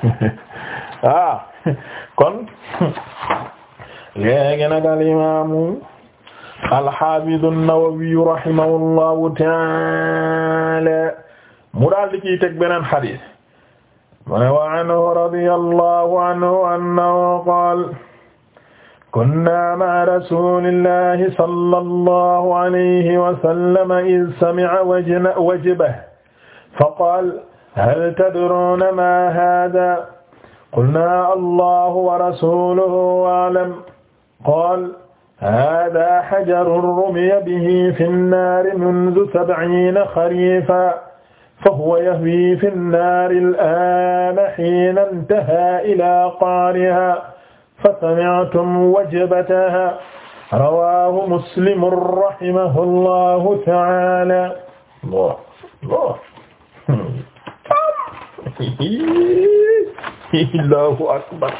ah kon léegi nag al imaamu al-Haafiz an-Nawawi rahimahullahu ta'ala mu daal di ciy teg beneen xadiis mu ne wa anhu radiyallahu anhu annahu qaala kunna ma'a rasuulillahi sallallahu alayhi wa sallam iz sami'a wajbahu faqaala hal tadruuna maa haadaa qulnaa allahu wa rasuluhu a'lam qaala haadaa hajarun rumiya bihi fi nnaari mundu sab'iina xariifan fahuwa yahwii fi nnaari al'aana hiina intahaa ilaa qaarihaa fasami'tum wajbatahaa rawaahu muslimun rahimahu allahu ta'aalaa Allahu akbar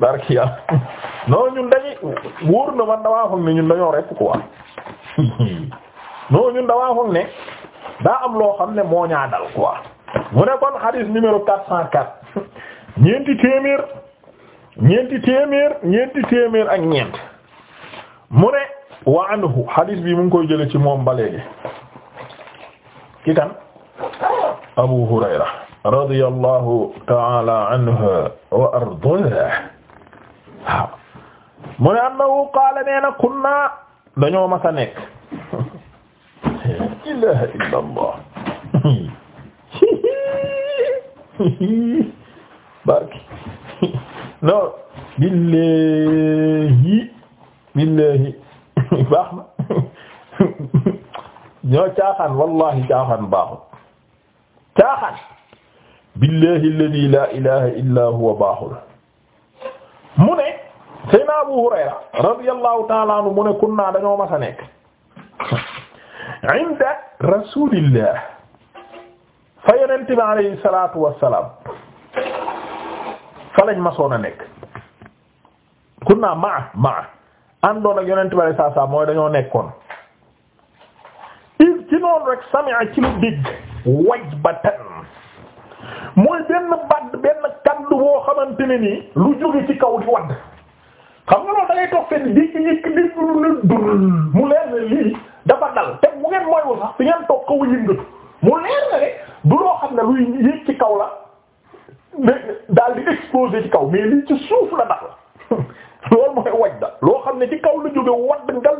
barki yàlla non ñun dañuy wóor na man damaa ne ñun dañoo rek quoi non ñun damaa ne daa am loo xam ne moo ñaa dal quoi mu ne kon hadith numéro quatre cent quatre ñeenti téeméer ñeenti téeméer ñeenti téeméer ak ñeent mu ne wa anhu hadith bi mu ngi koy jële ci moom ba ki kan Abu Hurayra radiyallahu ta'ala anhu wa ardaahu waaw mu ne annahu qaala nee na kunna dañoo mas a nekk ilaha illa allah barki non billahi billahi baax na ñoo caaxaan wallahi caaxaan baaxul caaxaan billahi alladhi la ilaha illa huwa baaxul mu ne sayna Abu Hurayra radiyallahu ta'ala anhu mu ne kunna dañoo mas a nekk inda rasulillah fa yonente bi alayhi salatu wassalam fa lañ masoon a nekk kunna maa maa àndoon ak yonente bi alayhi salatu wassalam mooy dañoo nekkoon ci noonu rek sami'a ci lu dégg wajbatan mooy benn badd benn kaddu boo xamante ne nii lu jóge ci kaw di wadd xam nga loolu da ngay toog seen digg yëkk digg lu mu leer na lii dafa dal te bu ngeen moyul sax fi ngeen toog kaw yëngatu mu leer na rek du loo xam ne luy yëg ci kaw la daal di exposé ci kaw mais lii ci suuf la dal loolu mooy waj da loo xam ne ci kaw lu jóge wadd ngal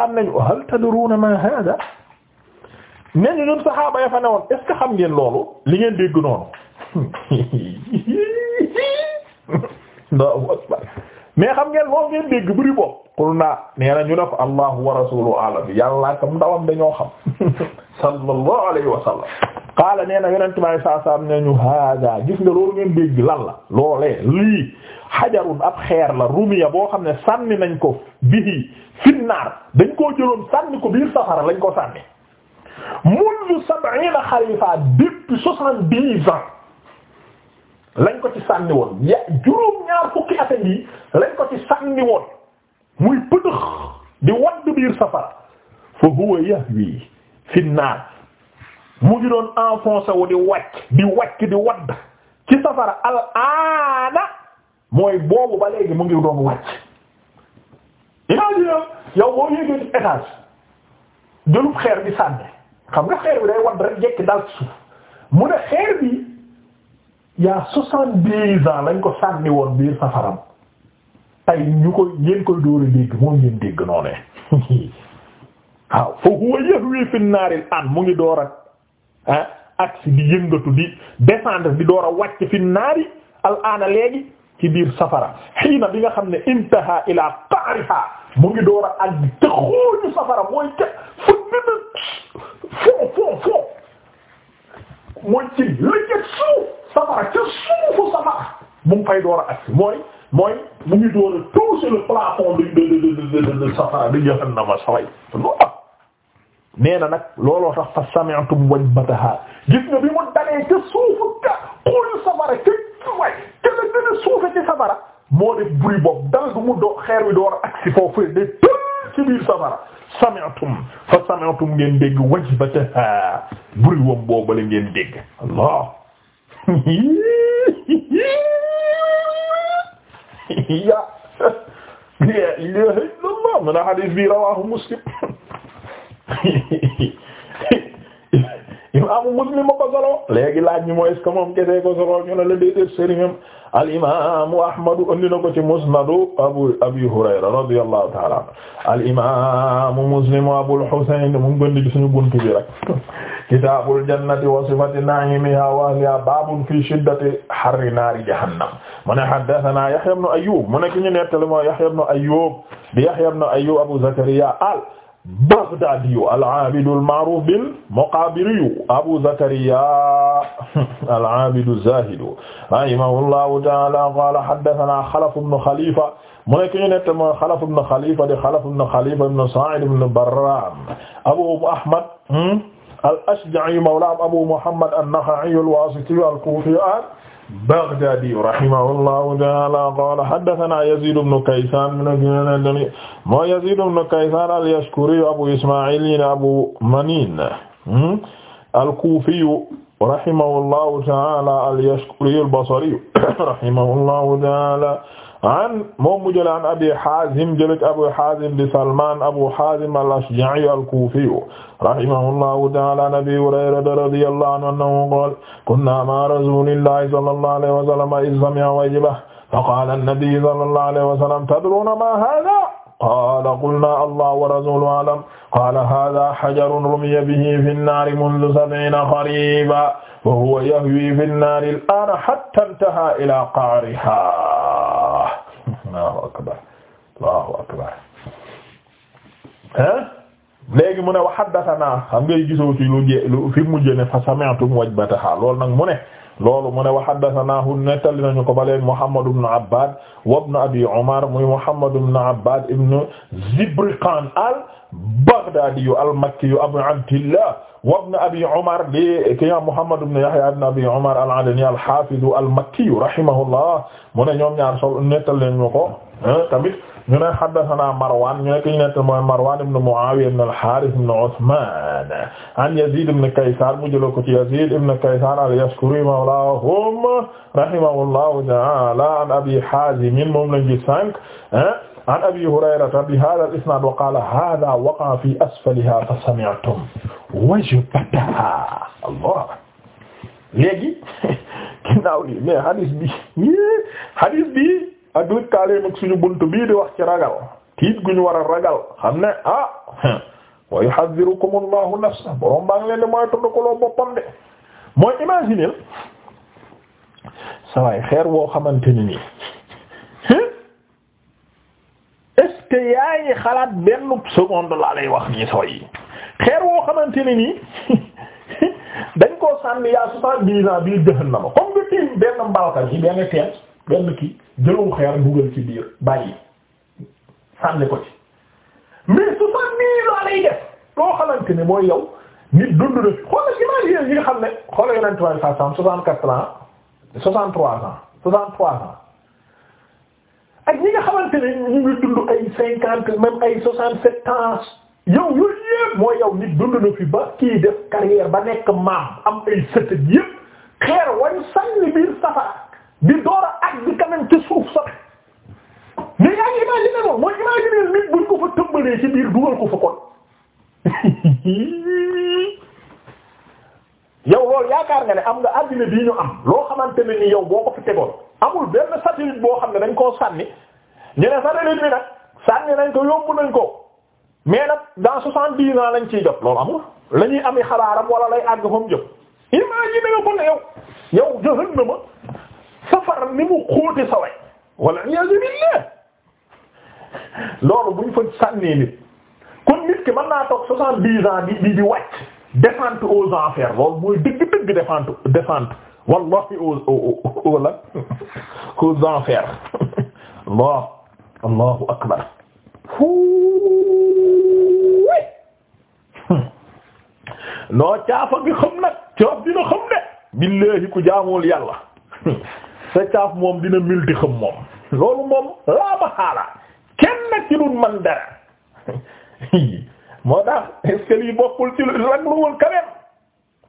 am nañu hal tadruuna ma hada ne ñu ñun saxaaba ya fa newoon est ce que xam ngeen loolu li ngeen dégg noonu mais xam ngeen loolu ngeen dégg buri bopp qul nee na ñu def allahu wa rasuluhu alam yàlla kam ndawam dañoo xam sallallahu alayhi wa qaala nee na yonent bi sallallahu ne ñu hada gis nga loolu ngeen dégg lan la loolee lii xajarun ab xeer la rumiya boo xam ne sànni nañ ko bihi finnaar dañ koo jëloon sànni ko biir safara lañ ko sànni mundu sab'ina xalifa depuis soixante-dix ans lañ ko ci sànni woon ya juróom ñaar fukki yi lañ ko ci sànni woon muy pëtëx di wadd biir safara fa huwa yahwi finnaar mu ngi doon enfoncé wu di wàcc di wadd ci safara al aana mooy boobu ba léegi mu ngi doon wàcc imagine yow boo yéegee ci étage jëlub xeer bi sànni xam nga xeer bi day wadd rek jekki dal ci suuf mu ne bi yaa soixante-dix ans lañ ko sànni woon biir safaram tay ñu ko ngeen koy dóor a dégg moo ngeen dégg noonu waaw fa huwa yahwi fi naaril an mu ngi door a ah aksi di yëngatu di descendre di door a wàcc fi naari al aana léegi ci biir safara xiina bi nga xam ne intaha ila qa'riha mu ngi door a àgg safara mooy ca fu gën a foo foo foo mooy ci lëjët suuf safara ca suufu safara mu ngi fay door a agsi mooy mooy mu ngi door a toucher le plafond de de de de safara di saway nee na nag looloo tax fa sami'tum wajbataha gis bi mu dalee ca suufu ka xooju safara ca way gën a suufe ci safara moo def bruit boobu dal du mu xeer wi door a agsi foofu de tël ci biir safara sami'tum fa sami'tum ngeen dégg wajbataha bruit wam boobu la ngeen dégg allah ya la ilaha illallah mana hadith bi rawahu muslim imaamu muslim ma ko solo léegi laaj ñi mooy est-ce que moom kese ko solo ñu ne la déedéet sëriñam al imaamu ahmadu andi na ko ci musnadu abu abi hurayra radiyallahu ta'ala al imaamu muslim abul husayn mu ngi gëndi ci suñu buntu bi rek kitaabul jannati wa sifati na'imiha wa ahliha baabun fi shiddati harri naari jahannam mu ne haddathana yahya ibn ayyub mu ne ki ñu nettali mooy yahya ibn ayyub bi yahya ibn ayyub abu zakariya al Baghdadiyu al-aabidu al-ma'ruuf bil-muqaabiriyu Abu Zakariyaa al-aabidu az-zaahidu rahimahullahu ta'aala qaala haddathanaa Xalaf ibn Xalifa mu nekk ñu ne tamit Xalaf ibn Xalifa di Xalaf ibn Xalifa ibn Saa'id ibn Barraam Abu Ahmad hmm, al-Ashja'i mawlaa Abu Muhammad an-Nakha'i al-Waasitiyu al-Kuufi Baghdadi rahimahullahu ta'ala qala haddathana Yazid ibn Kaysan moo Yazid ibn Kaysan al-Yashkuri Abu Isma'il Abu Manin hmm? al-Kufi rahimahullahu ta'ala al-Yashkuri al-Basri rahimahullahu ta'ala an moom mu jëlee an Abi Haazim jëlee Abu Haazim di Salmaan Abu Haazim al-Ashja'i al-Kuufi rahimahullahu ta'aala an Abi Hurayrata radiyallahu anhu annahu qaala kunnaa ma'a rasuulillahi sallallahu alayhi wa sallam idh sami'a wajbahu faqaala an-nabiyyu sallallahu alayhi wa sallam tadruuna maa haadhaa qaala qulnaa Allahu wa rasuuluhu a'lam qaala haadhaa hajarun rumiya bihi fi an-naari منذ سبعين خريفا وهو يهوي في النار الآن حتى انتهى إلى قعرها allahu akbar akbar hein léegi mu ne wa haddathana xam ngay gisoo ci fi mujj ne fa sami'tum wajbataha loolu nag mu ne loolu mu ne wa haddathanahu nettali nañu ko ba leen Muhammad ibn Abbad wa ibn Abi Umar muy Muhammad ibn Abbad ibn Zibriqan al-Baghdadi al-Makki Abu Abdillah wa ibn abi Umar di ki nga Muhammad ibn Yahya ibn abi Umar al-Adani al-Hafiz al-Makki rahimahullah mu ne ñoom ñaar sol nettal leen ñu ko tamit ñu ne haddathana Marwan ñu ne ki ñu nettal mooy Marwan ibn Muawiya ibn al-Harith ibn Uthman an Yazid ibn Kaysar mu jël ko ci Yazid ibn Kaysar al-Yashkuri mawlahum rahimahullahu ta'ala an Abi Hazim moom lañ ci sànq an Abi Hurayrata bi hadha al-isnad wa qala hadha waqa'a fi asfaliha fa sami'tum waju pataha allah léegi ginnaaw lii mais hadis bi hadis bi ak lëkkaaleem ak suñu bunt bii di wax ci ragal tiit guñu war a ragal xam ne ah wa yuhadhirukum allahu nafsa borom baa leen di mooy tuddukaloo boppam de mooy imaginer sawaay xeer woo xamante ni nii est-ce que xalaat benn seconde laa lay wax nii saway xeer woo xamante ne nii dañ koo sànni yaa soixante-dix ans biir jahannama comme nga tiim benn mbalka yi benn teen benn kii jëlaw xeer dugal ci biir bàyyi ko ci mais soixante-dix ans lay def loo xamante mooy yow nit dund na fi xoolal imagine yi nga xam ne xoolal yeneen trois cent cent soixante-quatre soixante-trois ans soixante-trois ans ak ñi nga ay cinquante même ay soixante-sept ans yow yooyu yëpp mooy yow nit dund na fi ba kii def carrière ba nekk maam am ay sët yëpp xeer wañ sànni biir safara di door a ak di ci suuf sax mais yaa ngi imaginer loolu mooy imaginer nit buñ ko fa tëmbalee ci biir dugal ko fa kon yow loolu yaakaar nga ne am nga addina bii ñu am loo xamante ne ni yow boo ko fi tegoon amul benn satellite boo xam ne dañ koo sànni ñu ne satellite bi nag sànni nañ ko yóbbu nañ ko. mais nag dans soixante-dix ans lañ ciy jot loolu amul la ñuy ami xabaaram wala lay àgg fa mu jëm imagine nga kon yow yow joxal safar ni mu xóote sa way wala iyasu billah loolu buñ fa sànnee nit kon nit ki mën naa toog soixante-dix ans di di di wàcc descente aux enfers loolu mooy dëgg-dëgg descente descente wallahi au wala allah akbar noo caafa bi xam nag caaf dina xam ne billahi ku jaamool yàlla sa caaf moom dina milti xam moom loolu moom laa ma xaala kenn ci dun man dara moo tax est-ce que lii bokkul ci ragluwul kaweem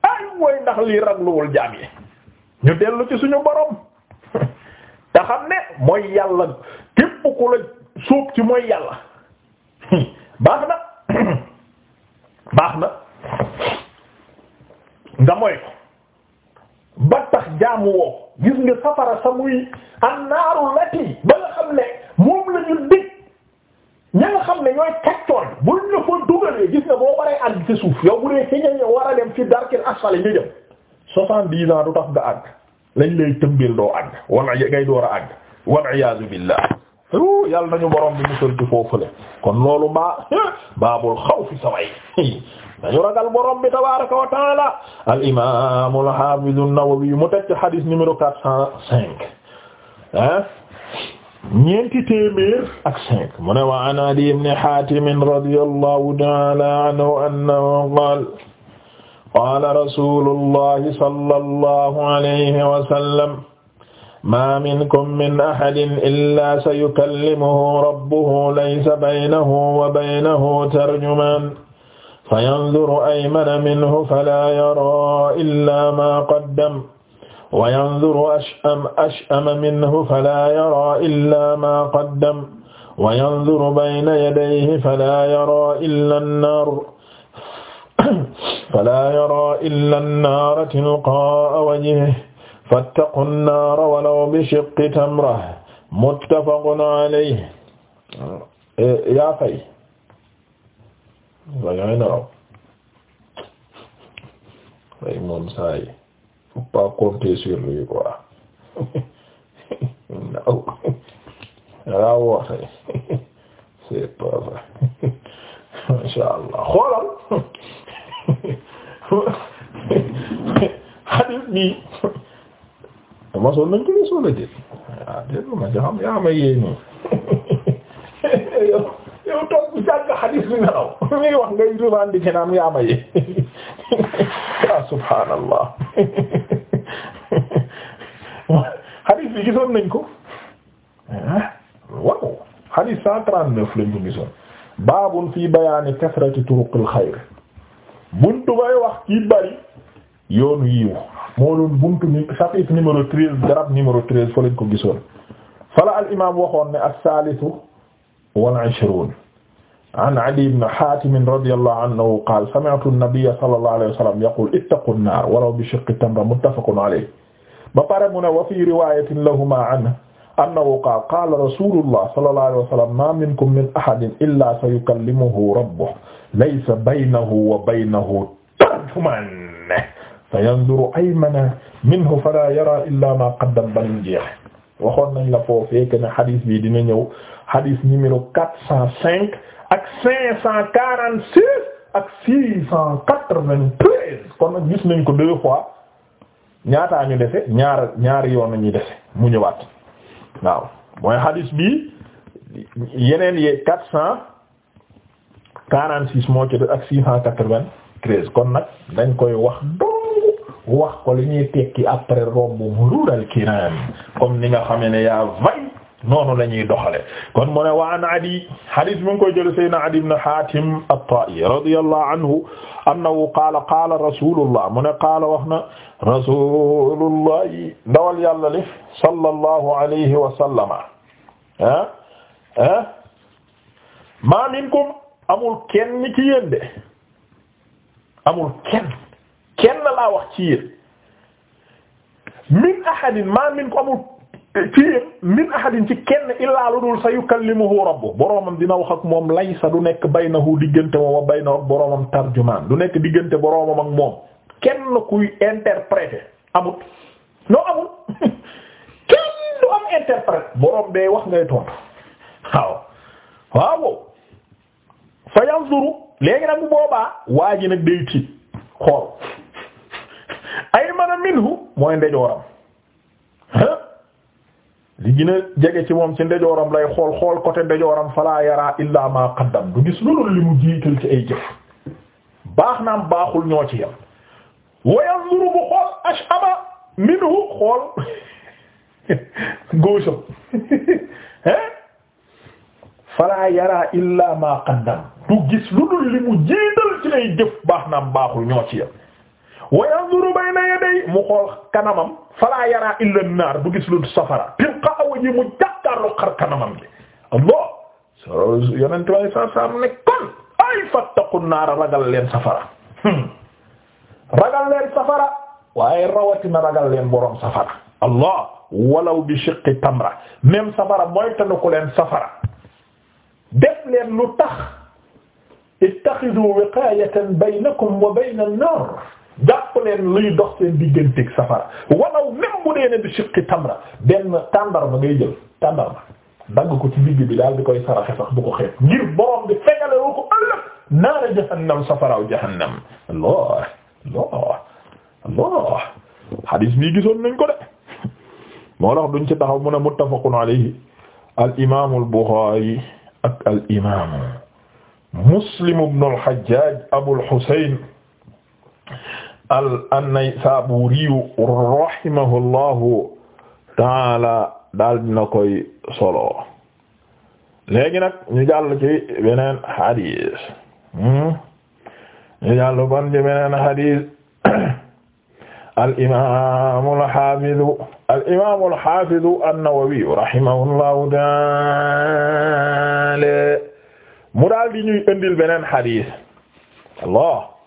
ay mooy ndax lii ragluwul jaam yi ñu dellu ci suñu boroom te xam ne mooy yàlla képp ku la suub ci mooy yàlla baax na baax na nga moy ko jaamu woo gis nga safara sa muy annaaru lati ba xam ne moom la ñu dig ña xam ne ñooy kaccoon buñ la fa dugalee gis nga boo waree àgg ci suuf yow bu dee ci ña war a dem ci darkil asfali ñu du tax nga àgg lañ lay tëmbil doo àgg wala ngay door a àgg wal iyaazu billah yàlla nañu borom bi musal ci foofule kon loolu baa baabul xawfi saway dañu ragal borom bi tabaraka wa taala al imam al hafiz an-Nawawi mu teg ci hadith numéro quatre cent cinq ah ñeenti téeméer ak cinq mu ne wa an Adi ibn Hatim radiyallahu ta'ala anhu annahu qala qala rasulullahi sallallahu alayhi wa sallam ma minkum min ahadin illa sayukallimuhu rabbuhu laysa baynahu wa baynahu tarjuman fayanzuru aymana minhu falaa yaraa illaa maa qaddam wa yanzuru ash'ama ash'ama minhu falaa yaraa illaa maa qaddam wa yanzuru bayna yadayhi falaa yaraa illaa nnaar falaa yaraa illaa nnaara tilqaa'a wajhihi fattaqu nnaara walaw bishiqqi tamra muttafaqun alayhi yaa fay da ngay naraw day moom saa yi faut pas compter sur lui quoi naaw dangaa woor tey c'est pas vrai masha Allah xoolal hadith bi dama soon nañ ko gis wala déet waaw déet ma ci xam yaa ma yéey nii yow toog jàng xadiis bi nga raw muy wax ngay revendiquer naan yaa ma yaa ah, subhaanallah xadiis bi gisoon nañ ko ah, waaw xadiis cent trente-neuf lañ ko gisoon baabun fi bayaani kasrati turuqil xayr buntu bay wax ci bari yoonu yiw moo doon buntu ni chapitre numéro treize garab numéro treize fa lañ ko gisoon fala al imaam waxoon ne as-saalisu wal ishruun an Adiy ibn Haatim radiyallahu anhu qaala sami'tu an-nabiyya sallallahu alayhi wa sallam yaqul ittaqu an-naar walaw bi shiqqi tamra muttafaqun alayhi ba pare mu ne wa fii riwaayatin lahumaa anhu annahu qaala qaala rasuulullah sallallahu alayhi wa sallam maa minkum min ahadin illaa sayukallimuhu rabbuhu laysa baynahu wa baynahu tarjumaan fayanzuru aymana minhu falaa yaraa illaa maa qaddama min jiih waxoon nañ la foofee que ne xadis bi dina ñëw xadis numéro quatre cent cinq ak cinq quarante six ak six cent quatre vingt treize kon nag gis nañ ko deux ñaataa ñu ñaari yoon nañuy defe mu ñëwaat waaw mooy xadis bi yeneen ak six cent kon nag dañ koy wax do wax ko li ñuy tekki après romb murural kiram comme ni nga xamee ne yaa noonu la ñuy doxale kon mu ne wa an adi hadis mu ngi koy jël sayyidina adi ibn hatim at-ta'i radiyallahu anhu annahu qaala qaala rasulullah mu ne qaala wax na rasulullah ndawal yàlla li sallallahu alayhi wa ma minkum amul kenn ci yéen amul kenn kenn laa wax ci yéen min ahadin maa min ko amul ci yéen min ahadin ci kenn illaa lu dul sa yukallimuhu rabbu boroomam dina wax ak moom laysa du nekk baynahu diggante moom wa bayna boroomam tarjumaan du nekk diggante boroomam ak moom kenn kuy interpréter amut noo amul kenn du am interprète boroom day wax ngay tontu waaw waaw fa yanzuru nag boobaa waa ji nag day tiit xool ay mana minhu mooy ndejooram li gën jege ci moom ci ndejooram lay xool xool côté ndejooram fala yaraa illa ma qaddam du gis loolu li mu jiital ci ay jëf baax naam baaxul ñoo ci yam wayanzuru bu xool ashama minhu yara illa ma qaddam du gis lu dul li mu jiital ci ay jëf baax naam baaxul ñoo ci yam wa yanzuru bayna yaday mu xool kanamam fala yara illa an-nar bu gis lu safara tilqa awaji mu jàkkaarloo xar kanamam bi Allah yonent way sa sam ne kon ay fattaqu naara ragal leen safara hmm. ragal leen safara waaye rawatina ragal leen borom safara Allah walaw bi shiqqi tamra même safara mooy tanu ko leen safara def leen lu tax ittaxidu wiqayatan baynakum wa bayna an-nar jàpp leen luy dox seen digganteeg safara walaw même bu dee bi siqi tamra benn tàndarma ngay jël tàndarma ci bi daal di koy saraxe sax bu ko xeet bi fegale woo ko ëllëg naara jahannam safaraaw jahannam Allah Allah Allah hadis bii gisoon nañ ko de moo tax duñ ci taxaw mu ne muttafaqun alayhi al Muslim ibn al Hajjaaj Abul Husayn an-Naysaburiyu rahimahullahu taala daal dina koy solo léegi nag ñu jàll ci beneen hadis hmm? ñu jàll kon ci beneen hadis al-imaamu al-haafidu al-imaamu al-haafidu an-Nawawi rahimahullahu taala mu daal di ñuy indil beneen hadis Allah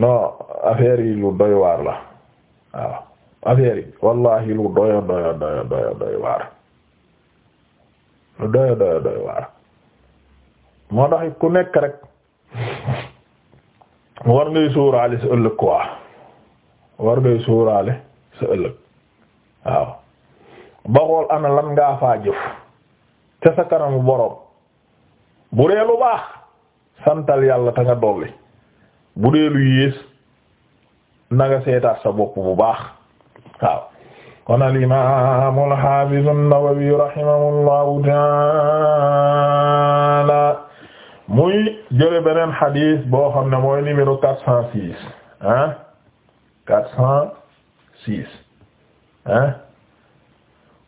non affaire yi lu doy waar la waaw affaire yi wallahi lu doya doya doya doya doy waar lu doya doya doy waar moo tax ku nekk rek war ngay suuraale sa ëllëg quoi war ngay suuraale sa ëllëg waaw ba xool ana lan ngaa faa jëf ca sa kanamu boroom bu dee lu baax santal yàlla ta nga dolli bu dee lu yées na seetaat sa bopp bu baax waaw kon al imaam al haafiz an-Nawawi rahimahullahu taala muy jële beneen xadis boo xam ne mooy numéro quatre cent six ah quatre cent six ah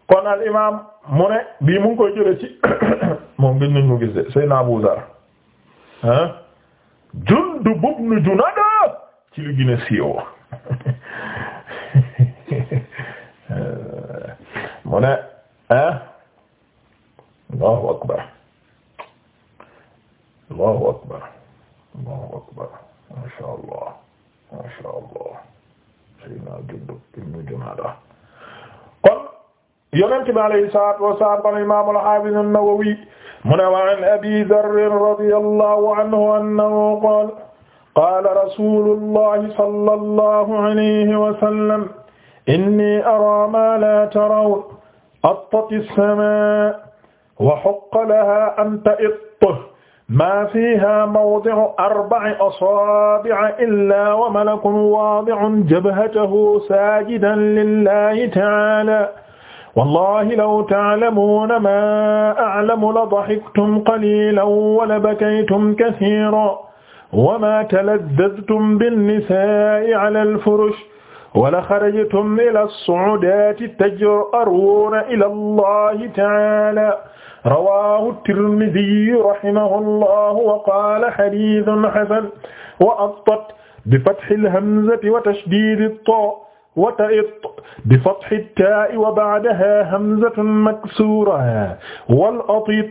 kon al imaam mu ne bii mu koy jële ci moom gën nañ ko gis de Seydina Abu Zar ah Jundub ibn Junaada ci li gën a siiw mu ne ah Allahu akbar Allahu akbar Allahu akbar ma sha Allah ma sha Allah Sayyidina Jundub ibn Junaada kon Yonent bi alayhi salaatu wa salaam kon Imaam al-Haafiz an-Nawawi mu ne wa an abi darrin radiyallahu anhu annahu qaala qaala rasuulullahi sallallahu alayhi wa sallam inni araa maa laa tarawna attati as-samaa wa haqqa lahaa an ta'itta maa fiihaa mawdi'u arba'i asaabi'in illaa wa malakun waadi'un jabhatahu saajidan lillaahi ta'aalaa wallahi law ta'lamuuna maa a'lamu la dahiktum qaliilan wa la bakaytum kasiiran wa maa talazzaztum bin-nisaa'i 'alal furush wa la kharajtum ilaa as-su'udaati taj'aruuna ilaa Allahi ta'aalaa rawaahu at-Tirmidhiyyu rahimahullahu wa qaala hadiithun hasan wa at-tat bi fathil hamzati wa tashdiidit taa وتئط بفتح التاء وبعدها همزة مكسورة والأطيط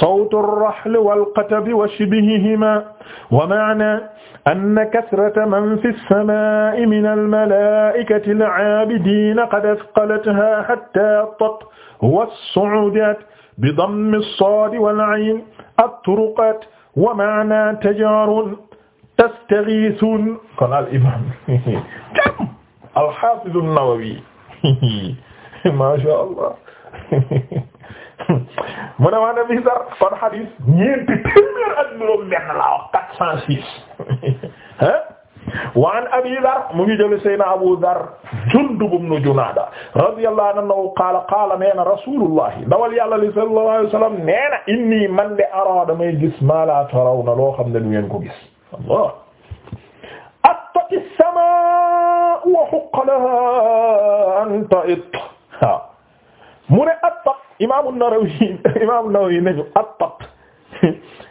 صوت الرحل والقتب وشبههما ومعنى أن كثرة من في السماء من الملائكة العابدين قد أثقلتها حتى الطط والصعودات بضم الصاد والعين الطرقات ومعنى تجار تستغيثون قال الإمام al-Hafiz an-Nawawi ma sha Allah mu ne waa na bi sar kon xadis ñeenti téeméer ak juróom benn laa wax quatre cent six ah wa an abi dar mu ngi jële sayna abu dar Jundub ibn Junaada radiyallahu anhu qaala qaala nee na rasulullahi dawal yàlla li sallallahu alayhi wa sallam nee na inni man de ara damay gis ma la tarawna loo xam ne du ngeen ko gis Allah attaqi sama wa huqqa lahaa an ta'it waaw mu ne at-tat imaam an-Nawawi imaam an-Nawawi nañu at-tat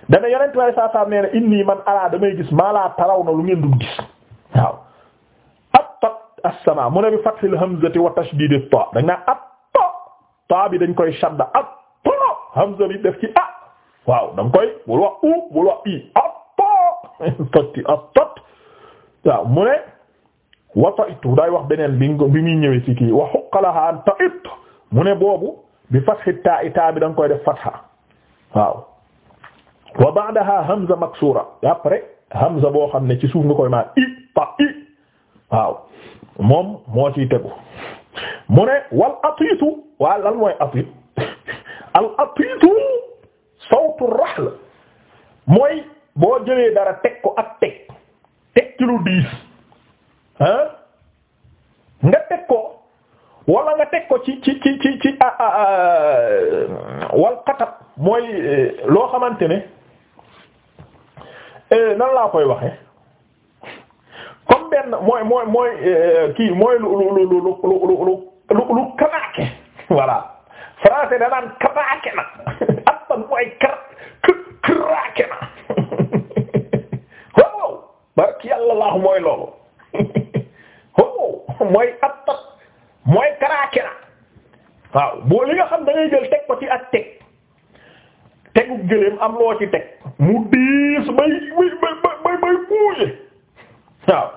dana yonent waaye saa saa nee na inni man alaa damay gis maa laa taraw na lu ngeen dul gis waaw at-tat as mu ne bi fathil hamzati wa tashdiidi ta dañ naa at-ta ta bi dañ koy shadda at-ta hamza bi def ci ah waaw da koy bul wax u bul wax i at-ta at-ta mu ne wa ta'itu daay wax beneen bi bi muy ñëwee ci kii wa huqqa lahaa an ta'it mu ne boobu bi fathi ta'i ta bi da koy def fatha waaw wa ba'daha hamza maksura après hamza boo xam ne ci suuf nga koy maa i pa i waaw moom moo ciy tegu mu ne wal atiitu waa lan mooy atiit al atiitu sawtu rahl mooy boo jëlee dara teg ko ak teg diis ah nga teg ko wala nga teg ko ci ci ci ci ci wal xatab mooy e, loo xamante ne e, nan laa koy waxe comme benn mooy mooy mooy e, kii mooy lu lu lu lu lu lu lu kanaake voilà français da naan kanaake na ak ban mooy kar karaake na waaw barki yàlla laax mooy loolu mooy ab tos mooy karaakira waaw boo li nga xam da jël teg ko ci ak teg tegu gëléem am loo ci teg mu diis bay bay bay bay bay waaw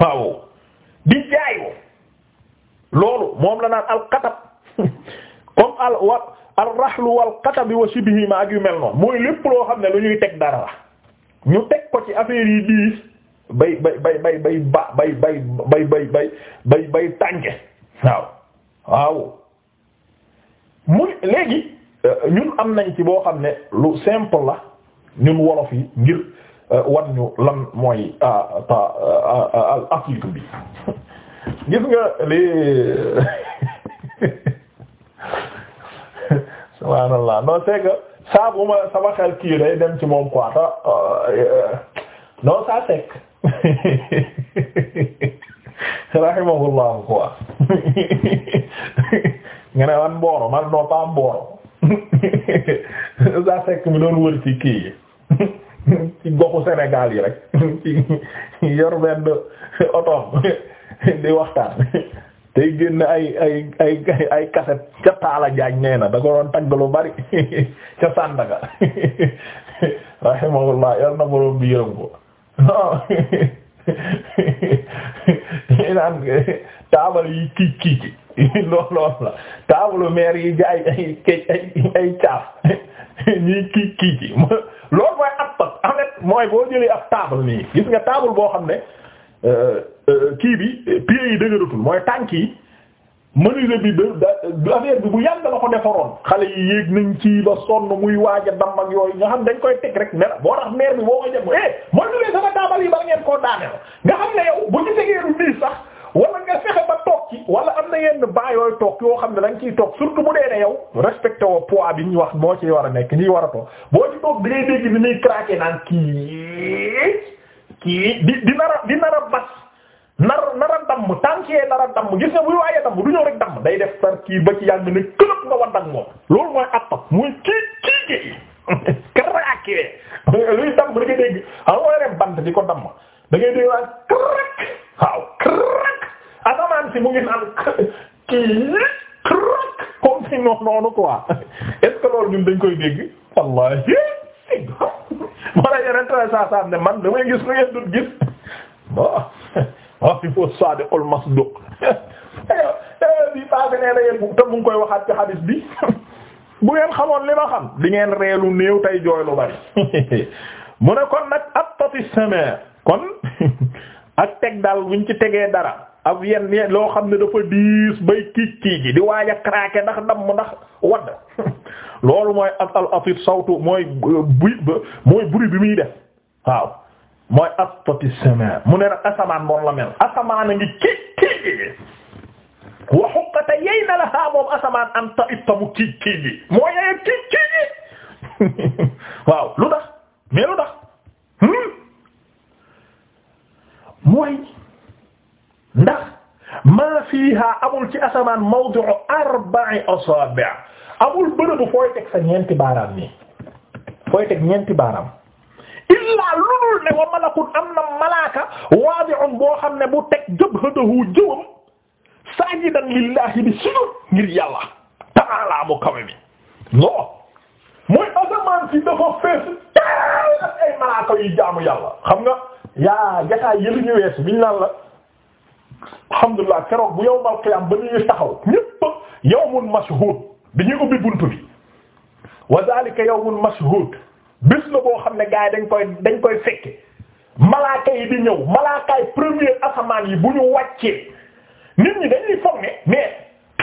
waaw di jaayoo loolu moom la naan alxatab comme al wa al rahlu wal xatabi wa shibihima ak yu mel noonu mooy lépp loo xam ne lu ñuy teg dara la ñu teg ko ci affaire yi diis. bay bay bay bay bay ba bay bay bay bay bay bay bay tànke waaw waaw muy léegi euh, ñun am nañ ci boo xam ne lu simple la ñun wolof yi ngir euh, wan ñu lan mooy ah, ah, ah, al afrique bi gis nga li subhaanallah non c'est que saa bu ma sama xel kii day dem ci moom quoi euh, non ça c'est rahimahullahu quoi nga ne man mbooro man non pas mbooro sa fekk mi doon wër ci kii ci goxu Sénégal yi rek yor benn otoom di waxtaan tey génn ay ay ay kaset ca Taala Jaañ nee na bari ca Sandaga rahimahullah yal na boroom bi ñu oh. taabal yi kiic kiic loolu la taabalu meer yi jaay ay ay ay caaf ñuy kiic kiic loolu mooy ab pat en fait mooy boo jëlee ab taabal nii gis nga taabal boo xam ne euh, euh, kii bi pieds yi dëgëratul mooy tànk yi menuisier bi da affaire bi bu yàlla la ko defaroon xale yi yéeg nañ ci ba sonn muy waaj a damm ak yooyu nga xam ne dañ koy teg rek mer boo tax meer bi boo ko jëm eh mooy lu leen sama taabal yi ba ngeen koo daaneel nga xam ne yow bu ñu tegee lu nii sax wala nga fexe ba toog ci wala am na yenn baa yooyu toog yoo xam ne dañ nga ciy toog surtout bu dee ne yow respecté woo poids bi ñu wax moo ciy war a nekk nii war a toog boo ci toog da ngay dégg bi muy a di nar a bas. nar nar a damm tànkee nar a damm gis nga buy waaye damm du ñëw rek damm day def par kii ba ci yàgg ne nga wadd ak moom loolu mooy attab muy kii nga dem bant di ko damm da ngay dégg naan crac waaw crac asamaan si mu ngi naan kii crac si noonu noonu quoi est-ce que dañ koy dégg wallahi moo la yeneen saa saa ne man damay gis lu ngeen dul gis bon waaw il faut sadiqul masduq bi passé nee na yéen te mu ngi koy waxaat ci hadis bi bu ngeen xamoon li ma xam di ngeen reelu néew tey jooy lu bari mu ne kon nag ab toti semaine kon ak teg daal buñ ci tegee dara ab yen yenn loo xam ne dafa diis bay kiic kiic ji di waaj a ndax dam ndax wadd loolu mooy at al atit sawtu mooy bu mooy buri bi muy def waaw mooy astati sama mu ne asamaan moom asamaan a ngi kii kii wa asamaan an ta itta mu kii kii mooy yeye kii kii waaw lu tax mais lu tax hmm? mooy ndax maa fiihaa amul ci asamaan mawdi'u arba'i asaabi' amul bërëbu fooy teg sa ñeenti baaraam nii fooy teg ñeenti illaa lu dul ne wa malakun am na malaaka waadi'un boo xam ne bu teg jabhatahu jëwam saajidan lillahi bi sujud ngir yàlla ta'ala mu kawe mi non mooy asamaan si dafa fees teel ay jaamu yàlla xam nga yaa jataay yëli ñu wees biñ naan la alhamdulilah keroog bu yawmal qiyaam ba ñuy taxaw ñépp yawmun mashhuud bi ñuy ubbi buntu bi wa zaalika yawmun mashhuud bés la boo xam ne gars yi dañ koy dañ koy fekke malaaka yi di ñëw malaakaay premier asamaan yi bu ñu wàccee nit ñi dañuy foog ne mais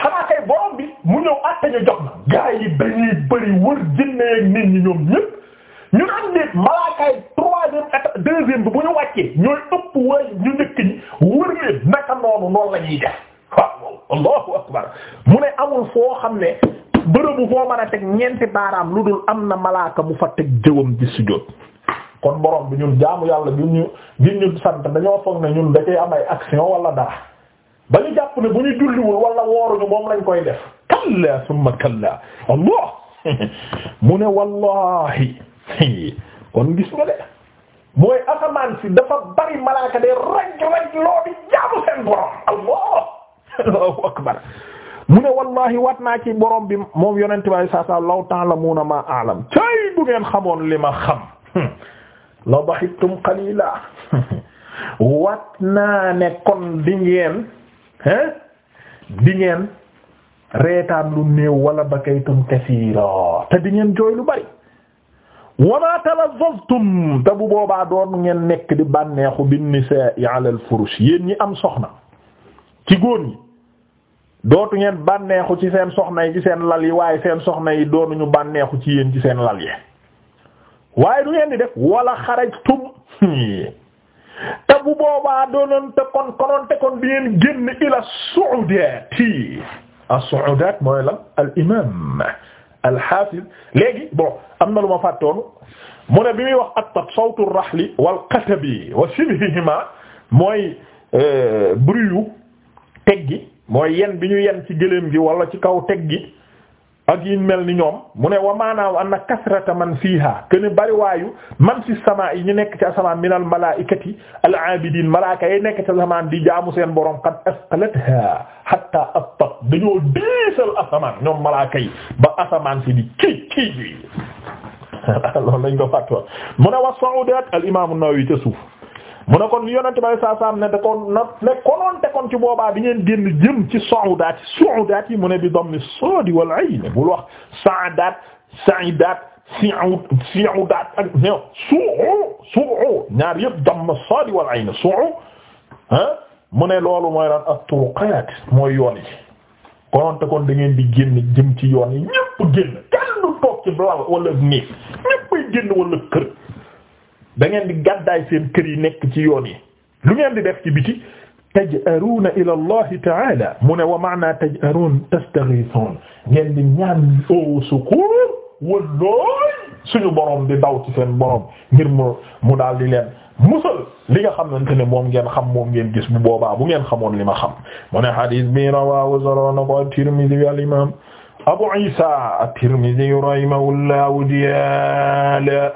xanaa kay bi mu ñëw àtte ñu jox na gars bëri wër jinne ak nit ñu naan nit malaakaay troisième état deuxième bi bu ñu wàccee ñooy ëpp waay ñu njëkk ñi wër leen naka noonu noonu la ñuy def allahu akbar mu ne amul foo xam ne bërëbu foo mën a teg ñeenti baaraam lu dul am na malaaka mu fa teg jëwam di sujjóot kon borom bi ñun jaamu yàlla gi ñu gi ñu sant dañoo foog ne ñun da koy am ay action wala dara ba ñu jàpp ne bu ñu julliwul wala wooruñu moom lañ koy def mu ne wallahi kon gis nga de mooy asamaan si dafa bari malaaka de raj raj loo jaamu seen borom allah allahu akbar mu ne wallahi wat naa ci borom bi moom yonent bi saa saa law ta'lamuna ma a'lam cay bu ngeen xamoon li ma xam la dahiktum qalila wat naa ne kon di ngeen hein di ngeen reetaan lu néew wala bakaytum kasiira te di ngeen jooy lu bari wama talazzaztum te bu boobaa doon ngeen nekk di bànneexu bin nisaa'i ala al furush yéen ñi am soxna ci góor ñi dootu ngeen bànneexu ci seen soxna yi ci seen lal yi waaye seen soxna yi ñu bànneexu ci yéen ci seen lal yi waaye du ngeen di def wala xarajtum te bu boobaa doonoon te kon konoon te kon di ngeen génn ila su'udati as-su'udat mooy lan al imam al hafiz léegi bon am na lu ma fàttoonu mu ne bi muy wax attat sawtu rahli wal qatabi wa shibhihima mooy euh, bruit yu teggi mooy yen bi ñu yenn ci gëléem gi wala ci kaw teg gi ak yi mel ni ñoom mu ne wa maanaaw anna kasrata man fiiha kene bariwaayu man fi sama yi ñu nekk ci asamaan minal malaa'ikati al aabidiin malaaka yi nekk ci asamaan di jaamu seen borom qad asqalatha hatta attaq dañoo diisal asamaan ñoom malaaka yi ba asamaan si di kii kii loolu lañ ko fàttuwa mu ne wa saoudat al imam an ca suuf mu ne kon li yonente bay saa saam ne da na ne konoon te kon ci boobaa bi ngeen génn jëm ci suudaat yi suudaat yi mu ne bi dammi sodi wal ayn bul wax saadaat saidaat siu siudaat ak new suu suu ñaar yëpp damm sodi wal ayn suu ah mu ne loolu mooy lan at-turuqaat mooy yoon yi konoon te kon da ngeen di génn jëm ci yoon yi ñëpp génn kenn du toog ci blal wala néeg génn wala kër da ngeen di gàddaay seen kër yi nekk ci yoon lu ngeen di def ci biti taj'aruuna ila allahi ta'ala mu ne wa maana taj'aruun tastaghithun ngeen di ñaan au secours wallooy suñu borom di daw ci borom ngir mu mu daal di leen li nga xamante ne moom ngeen xam moom ngeen gis bu boobaa bu ngeen xamoon li ma xam mu ne hadis bi rawaahu soloona ko at-Tirmidhi al imam Abu Isa at-Tirmidhi rahimahullahu ta'ala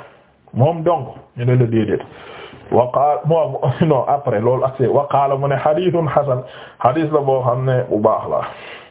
moom donc ñu ne la déedéet wa qaala moom non après loolu ak waqaala mu ne hadithun hasan hadith la boo xam ne bu baax la